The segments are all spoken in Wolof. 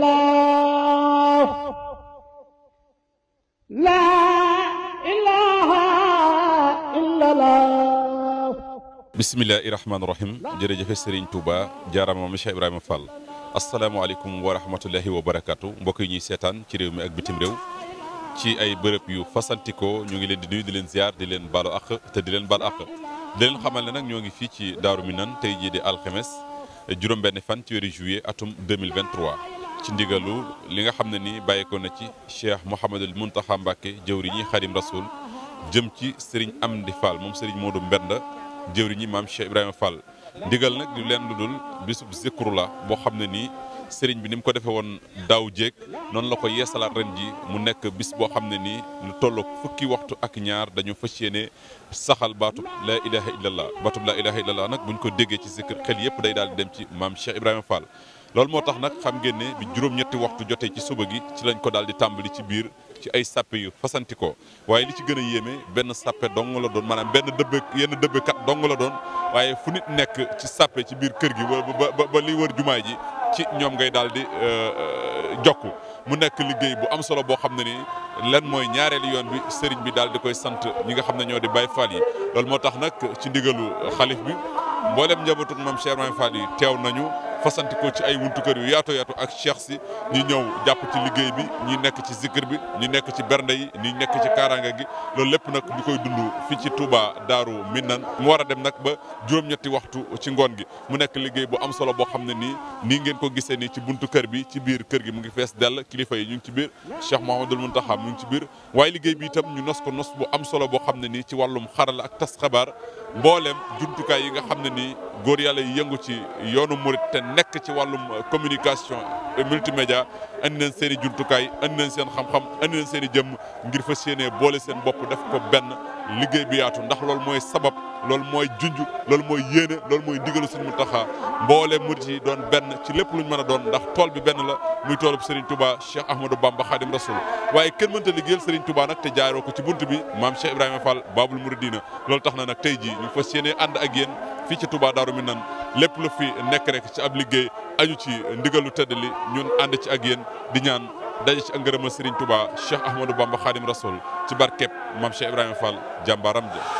الله لا إله إلا الله بسم الله الرحمن الرحيم jërëjëf Serigne Touba jaarama Cheikh Ibrahima Fall asalaamaaleykum wa rahmatullahi wa barakaatu mbokk yi ñuy seetaan ci réew mi ak bitim réew ci ay bërëb yu fasantikoo ñu ngi leen di nuyu di leen ziar di leen baalu àq te di leen bal àq di leen xamal ne nag ñoo ngi fii ci Daaru Minaan tey jii di alxemes juróom-benn fan ci weeru juillet atum 2023 ci ndigalu li nga xam ne ni bàyyeekoo na ci cheikh Mouhamadul Mountakha Mbacké jëwriñi Xadim Rasoul jëm ci am di fal moom Serigne Modou Mbenda jëwriñi maam Cheikh Ibrahima Fall. ndigal nag lu leen lu dul bisub zikru la boo xam ne nii sëriñ bi ni mu ko defee woon daaw jéeg noonu la ko yeesalaat ren ji mu nekk bis boo xam ne nii lu tolloog fukki waxtu ak ñaar dañu fas yéene saxal baatub laa ilaha illallah baatub laa ilaha illallah nag buñ ko déggee ci zikr yëpp day daal di dem ci maam Cheikh Ibrahima loolu moo tax nag xam ngeen ne bi juróom-ñetti waxtu jotee ci suba gi ci lañ ko daal di tàmbali ci biir ci ay sappe yu fasantikoo waaye li ci gën a yéeme benn sappe dong la doon maanaam benn dëbbe yenn dëbbekat dong la doon waaye fu nit nekk ci sappe ci biir kër gi ba ba li wër jumaay ji ci ñoom ngay daal di euh, euh, jokk mu nekk liggéey bu am solo boo xam ne ni lan mooy ñaareelu yoon bi sëriñ bi daal di koy sant ñi nga xam ne ñoo di Baay Faal yi loolu moo tax nag ci ndigalu xalif bi mboolem njabootu moom Cheikh Ibrahima Fall yi teew nañu fasanti ko ci ay wuntu kër yu yaatu yaatu ak cheikh si ñi ñëw jàpp ci liggéey bi ñi nekk ci zikr bi ñi nekk ci bernde yi ñi nekk ci kaaraanga gi loolu lépp nag ñu koy dund fii ci Touba Daaru Minnan mu war a dem nag ba juróom-ñetti waxtu ci ngoon gi mu nekk liggéey bu am solo boo xam ne nii nii ngeen ko gisee nii ci buntu kër bi ci biir kër gi mu ngi fees dell kilifa yi ñu ngi ci biir Cheikh Mouhamadoul Mountakha mu ngi ci biir waaye liggéey bi itam ñu nos ko nos bu am solo boo xam ne nii ci wàllum xarala ak tas xabaar mbooleem jumtukaay yi nga xam ne nii góor yàlla yi yëngu ci yoonu nekk ci wàllum euh, communication et multimédia andi nañ seen i jumtukaay andi nañ seen xam-xam andi nañ seeni i jëmm ngir fas yéene boole seen bopp def ko benn liggéey bi yaatu ndax loolu mooy sabab loolu mooy junj loolu mooy yéene loolu mooy ndigalu Sëriñ Muntaxa mboole murit yi doon benn ci lépp luñ mën a doon ndax tool bi benn la muy toolub Serigne Touba Cheikh Ahmadou Bamba Khadim Rasoul waaye kenn mënta liggéeyal Serigne tubaa nag te jaaroo ko ci bunt bi maam Cheikh Ibrahima Fall Babul Mouridina loolu tax na nag tey jii ñu fas yéenee ànd ak yéen fii ci Touba Darou Minane lépp lu fi nekk rek ci ab liggéey aju ci ndigalu tëdd li ñun ànd ci ak yéen di ñaan daje ci ak ngërëmal Serigne Touba Cheikh Ahmadou Bamba Khadim Rasoul ci barkeb Mame Cheikh Ibrahima Fall jàmbaaram ja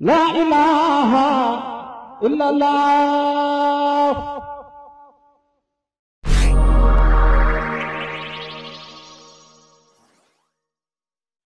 la ilaha illallah